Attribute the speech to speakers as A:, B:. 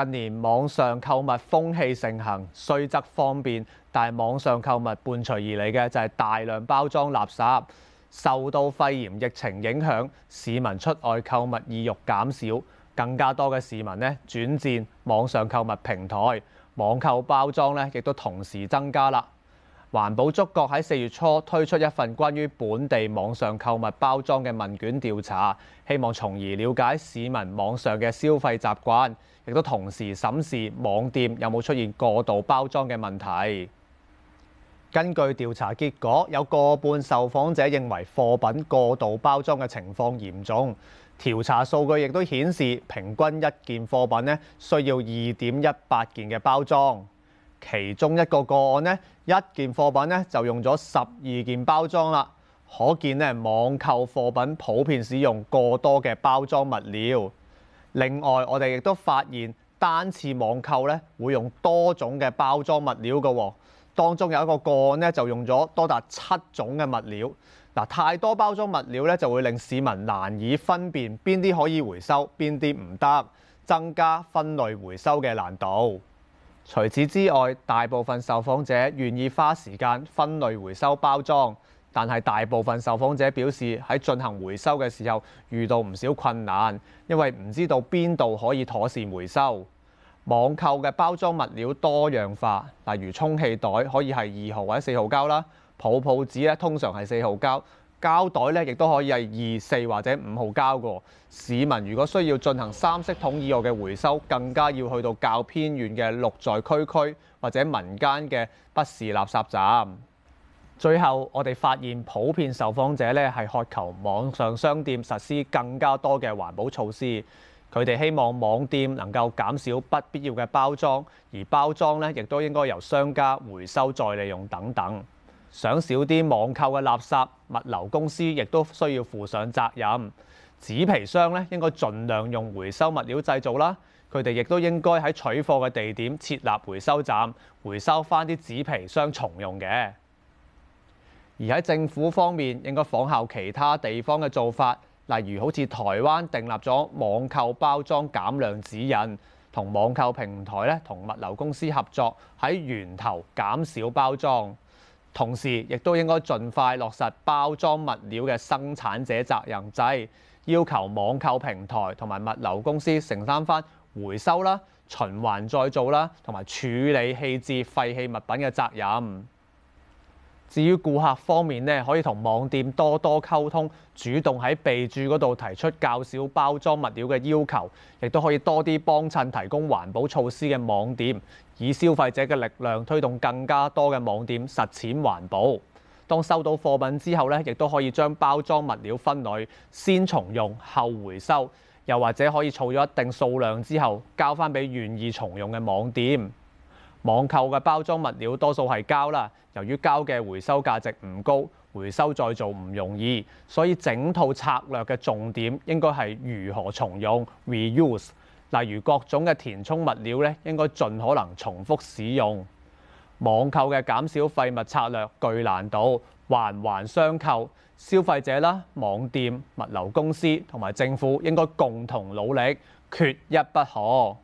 A: 近年網上購物風氣盛行，雖則方便，但係網上購物伴隨而嚟嘅就係大量包裝垃圾。受到肺炎疫情影響，市民出外購物意欲減少，更加多嘅市民呢轉戰網上購物平台，網購包裝呢亦都同時增加啦。環保觸覺喺四月初推出一份關於本地網上購物包裝嘅問卷調查，希望從而了解市民網上嘅消費習慣，亦都同時審視網店有冇出現過度包裝嘅問題。根據調查結果，有過半受訪者認為貨品過度包裝嘅情況嚴重。調查數據亦都顯示，平均一件貨品呢需要二點一八件嘅包裝。其中一個個案呢，一件貨品就用咗十二件包裝啦。可見呢，網購貨品普遍使用過多嘅包裝物料。另外，我哋亦都發現單次網購呢會用多種嘅包裝物料嘅喎，當中有一個個案就用咗多達七種嘅物料。嗱，太多包裝物料呢就會令市民難以分辨邊啲可以回收，邊啲唔得，增加分類回收嘅難度。除此之外，大部分受訪者願意花時間分類回收包裝，但係大部分受訪者表示喺進行回收嘅時候遇到唔少困難，因為唔知道邊度可以妥善回收。網購嘅包裝物料多樣化，例如充氣袋可以係二號或者四號膠啦，泡泡紙咧通常係四號膠。膠袋咧，亦都可以係二四或者五號膠。個市民，如果需要進行三色桶以外嘅回收，更加要去到較偏遠嘅綠在區區或者民間嘅不是垃圾站。最後，我哋發現普遍受訪者咧係渴求網上商店實施更加多嘅環保措施，佢哋希望網店能夠減少不必要嘅包裝，而包裝咧亦都應該由商家回收再利用等等。想少啲網購嘅垃圾，物流公司亦都需要負上責任。紙皮箱咧應該盡量用回收物料製造啦。佢哋亦都應該喺取貨嘅地點設立回收站，回收返啲紙皮箱重用嘅。而喺政府方面，應該仿效其他地方嘅做法，例如好似台灣訂立咗網購包裝減量指引，同網購平台咧同物流公司合作，喺源頭減少包裝。同時，亦都應該盡快落實包裝物料嘅生產者責任制，要求網購平台同埋物流公司承擔返回收啦、循環再造啦同埋處理棄置廢棄物品嘅責任。至於顧客方面呢，可以同網店多多溝通，主動喺備註嗰度提出較少包裝物料嘅要求，亦都可以多啲幫襯提供環保措施嘅網店，以消費者嘅力量推動更加多嘅網店實踐環保。當收到貨品之後呢，亦都可以將包裝物料分類，先重用後回收，又或者可以儲咗一定數量之後交翻俾願意重用嘅網店。網購嘅包裝物料多數係膠啦，由於膠嘅回收價值唔高，回收再造唔容易，所以整套策略嘅重點應該係如何重用 （reuse）。Reuse，例如各種嘅填充物料咧，應該盡可能重複使用。網購嘅減少廢物策略具難度，環環相扣。消費者啦、網店、物流公司同埋政府應該共同努力，缺一不可。